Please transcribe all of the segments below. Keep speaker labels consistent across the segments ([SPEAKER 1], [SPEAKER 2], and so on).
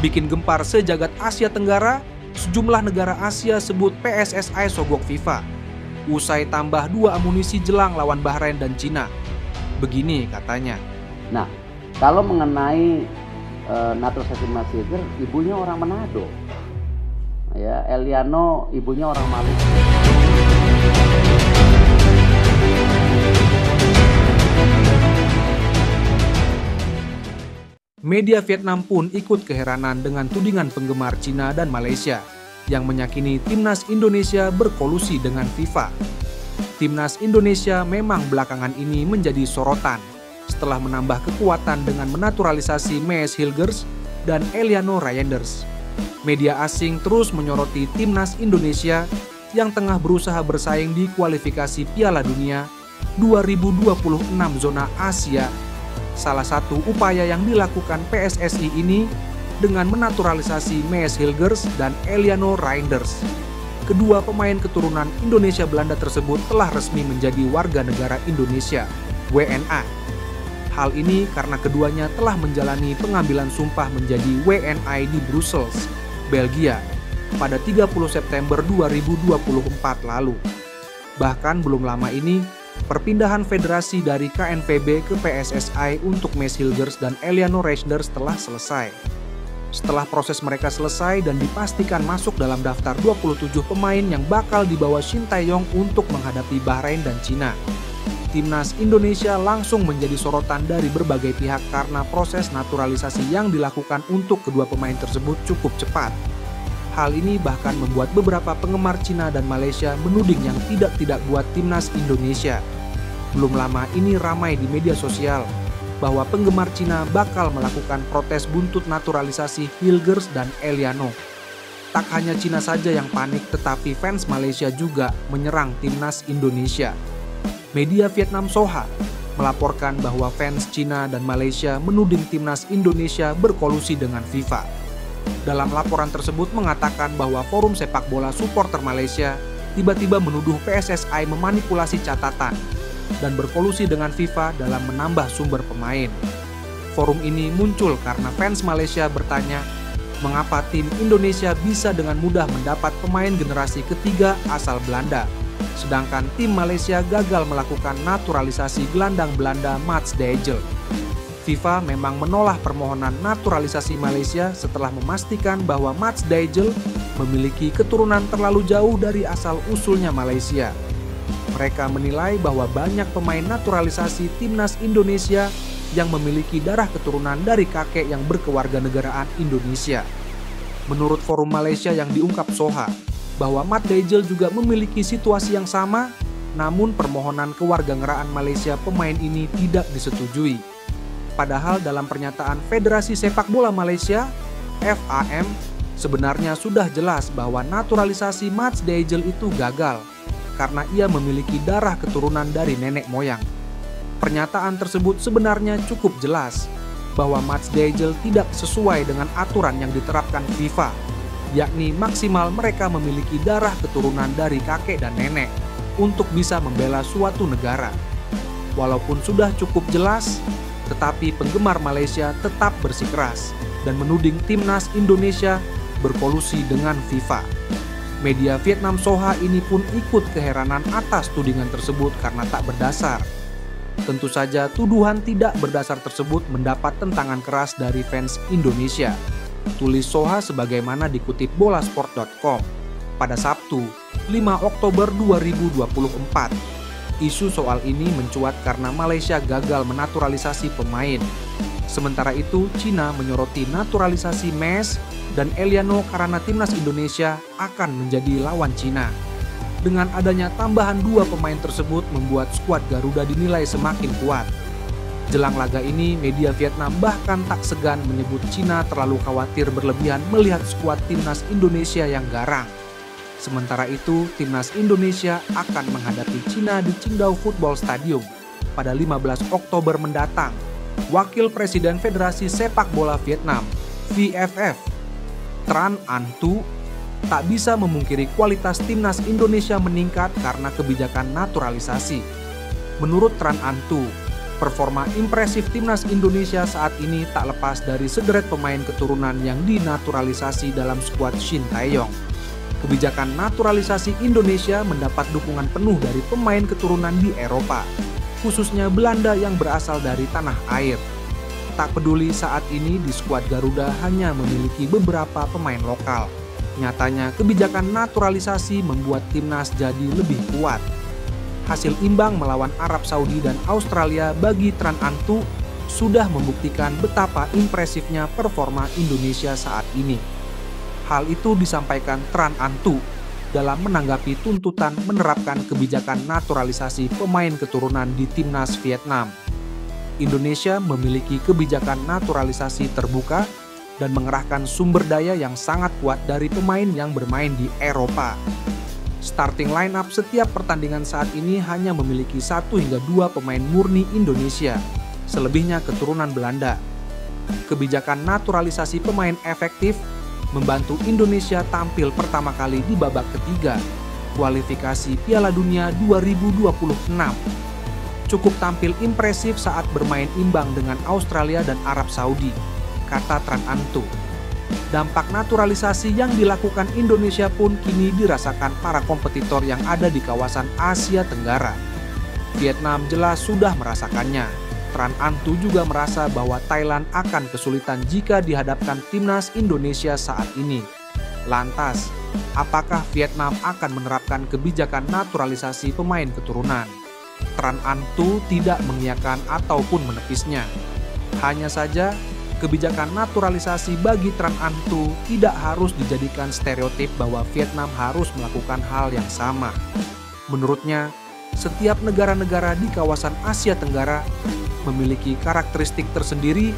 [SPEAKER 1] bikin gempar sejagat Asia Tenggara, sejumlah negara Asia sebut PSSI sogok FIFA. Usai tambah dua amunisi jelang lawan Bahrain dan Cina. Begini katanya. Nah, kalau mengenai e, naturalisasi Masjid, ibunya orang Manado. Ya, Eliano ibunya orang Malaysia. media Vietnam pun ikut keheranan dengan tudingan penggemar Cina dan Malaysia yang menyakini timnas Indonesia berkolusi dengan FIFA. Timnas Indonesia memang belakangan ini menjadi sorotan setelah menambah kekuatan dengan menaturalisasi Mees Hilgers dan Eliano Reinders. Media asing terus menyoroti timnas Indonesia yang tengah berusaha bersaing di kualifikasi Piala Dunia 2026 zona Asia salah satu upaya yang dilakukan PSSI ini dengan menaturalisasi Mees Hilgers dan Eliano Reinders. Kedua pemain keturunan Indonesia Belanda tersebut telah resmi menjadi warga negara Indonesia, WNA. Hal ini karena keduanya telah menjalani pengambilan sumpah menjadi WNI di Brussels, Belgia, pada 30 September 2024 lalu. Bahkan belum lama ini, Perpindahan federasi dari KNVB ke PSSI untuk Mes Hilgers dan Eliano Reisders telah selesai. Setelah proses mereka selesai dan dipastikan masuk dalam daftar 27 pemain yang bakal dibawa Shin Taeyong untuk menghadapi Bahrain dan Cina. Timnas Indonesia langsung menjadi sorotan dari berbagai pihak karena proses naturalisasi yang dilakukan untuk kedua pemain tersebut cukup cepat. Hal ini bahkan membuat beberapa penggemar Cina dan Malaysia menuding yang tidak-tidak buat timnas Indonesia. Belum lama ini ramai di media sosial bahwa penggemar Cina bakal melakukan protes buntut naturalisasi Hilgers dan Eliano. Tak hanya Cina saja yang panik, tetapi fans Malaysia juga menyerang timnas Indonesia. Media Vietnam Soha melaporkan bahwa fans Cina dan Malaysia menuding timnas Indonesia berkolusi dengan FIFA. Dalam laporan tersebut mengatakan bahwa Forum Sepak Bola Supporter Malaysia tiba-tiba menuduh PSSI memanipulasi catatan dan berkolusi dengan FIFA dalam menambah sumber pemain. Forum ini muncul karena fans Malaysia bertanya, mengapa tim Indonesia bisa dengan mudah mendapat pemain generasi ketiga asal Belanda, sedangkan tim Malaysia gagal melakukan naturalisasi gelandang Belanda Mats Dejel. FIFA memang menolak permohonan naturalisasi Malaysia setelah memastikan bahwa Mats Dejel memiliki keturunan terlalu jauh dari asal-usulnya Malaysia. Mereka menilai bahwa banyak pemain naturalisasi timnas Indonesia yang memiliki darah keturunan dari kakek yang berkewarganegaraan Indonesia. Menurut forum Malaysia yang diungkap Soha, bahwa Matt Dajjal juga memiliki situasi yang sama, namun permohonan kewarganegaraan Malaysia pemain ini tidak disetujui. Padahal dalam pernyataan Federasi Sepak Bola Malaysia, FAM, sebenarnya sudah jelas bahwa naturalisasi Mats Dajjal itu gagal karena ia memiliki darah keturunan dari nenek moyang. Pernyataan tersebut sebenarnya cukup jelas bahwa Mats Dejel tidak sesuai dengan aturan yang diterapkan FIFA, yakni maksimal mereka memiliki darah keturunan dari kakek dan nenek untuk bisa membela suatu negara. Walaupun sudah cukup jelas, tetapi penggemar Malaysia tetap bersikeras dan menuding timnas Indonesia berkolusi dengan FIFA. Media Vietnam Soha ini pun ikut keheranan atas tudingan tersebut karena tak berdasar. Tentu saja tuduhan tidak berdasar tersebut mendapat tentangan keras dari fans Indonesia. Tulis Soha sebagaimana dikutip bolasport.com pada Sabtu, 5 Oktober 2024. Isu soal ini mencuat karena Malaysia gagal menaturalisasi pemain. Sementara itu, Cina menyoroti naturalisasi Mes dan Eliano karena timnas Indonesia akan menjadi lawan Cina. Dengan adanya tambahan dua pemain tersebut membuat skuad Garuda dinilai semakin kuat. Jelang laga ini, media Vietnam bahkan tak segan menyebut Cina terlalu khawatir berlebihan melihat skuad timnas Indonesia yang garang. Sementara itu, timnas Indonesia akan menghadapi Cina di Qingdao Football Stadium pada 15 Oktober mendatang. Wakil Presiden Federasi Sepak Bola Vietnam, VFF, Tran Antu, tak bisa memungkiri kualitas timnas Indonesia meningkat karena kebijakan naturalisasi. Menurut Tran Antu, performa impresif timnas Indonesia saat ini tak lepas dari sederet pemain keturunan yang dinaturalisasi dalam skuad Shin Taeyong kebijakan naturalisasi Indonesia mendapat dukungan penuh dari pemain keturunan di Eropa, khususnya Belanda yang berasal dari tanah air. Tak peduli saat ini di skuad Garuda hanya memiliki beberapa pemain lokal. Nyatanya kebijakan naturalisasi membuat timnas jadi lebih kuat. Hasil imbang melawan Arab Saudi dan Australia bagi Tran Antu sudah membuktikan betapa impresifnya performa Indonesia saat ini. Hal itu disampaikan Tran Antu dalam menanggapi tuntutan menerapkan kebijakan naturalisasi pemain keturunan di timnas Vietnam. Indonesia memiliki kebijakan naturalisasi terbuka dan mengerahkan sumber daya yang sangat kuat dari pemain yang bermain di Eropa. Starting lineup setiap pertandingan saat ini hanya memiliki satu hingga dua pemain murni Indonesia, selebihnya keturunan Belanda. Kebijakan naturalisasi pemain efektif membantu Indonesia tampil pertama kali di babak ketiga kualifikasi Piala Dunia 2026. Cukup tampil impresif saat bermain imbang dengan Australia dan Arab Saudi, kata Tran Antu. Dampak naturalisasi yang dilakukan Indonesia pun kini dirasakan para kompetitor yang ada di kawasan Asia Tenggara. Vietnam jelas sudah merasakannya. Tran Antu juga merasa bahwa Thailand akan kesulitan jika dihadapkan timnas Indonesia saat ini. Lantas, apakah Vietnam akan menerapkan kebijakan naturalisasi pemain keturunan? Tran Antu tidak mengiyakan ataupun menepisnya. Hanya saja, kebijakan naturalisasi bagi Tran Antu tidak harus dijadikan stereotip bahwa Vietnam harus melakukan hal yang sama. Menurutnya, setiap negara-negara di kawasan Asia Tenggara memiliki karakteristik tersendiri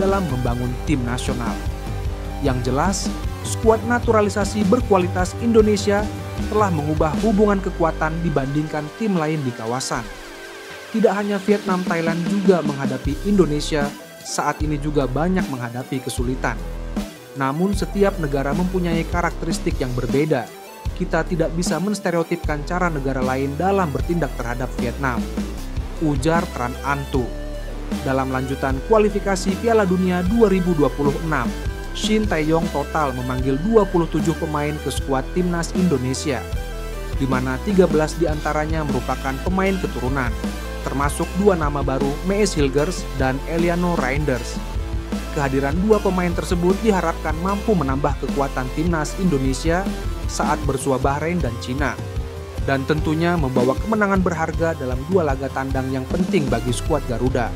[SPEAKER 1] dalam membangun tim nasional. Yang jelas, skuad naturalisasi berkualitas Indonesia telah mengubah hubungan kekuatan dibandingkan tim lain di kawasan. Tidak hanya Vietnam, Thailand juga menghadapi Indonesia saat ini juga banyak menghadapi kesulitan. Namun setiap negara mempunyai karakteristik yang berbeda. Kita tidak bisa menstereotipkan cara negara lain dalam bertindak terhadap Vietnam. Ujar Tran Antu dalam lanjutan kualifikasi Piala Dunia 2026. Shin Taeyong total memanggil 27 pemain ke skuad timnas Indonesia, di mana 13 diantaranya merupakan pemain keturunan, termasuk dua nama baru Mees Hilgers dan Eliano Reinders. Kehadiran dua pemain tersebut diharapkan mampu menambah kekuatan timnas Indonesia saat bersua Bahrain dan Cina dan tentunya membawa kemenangan berharga dalam dua laga tandang yang penting bagi skuad Garuda.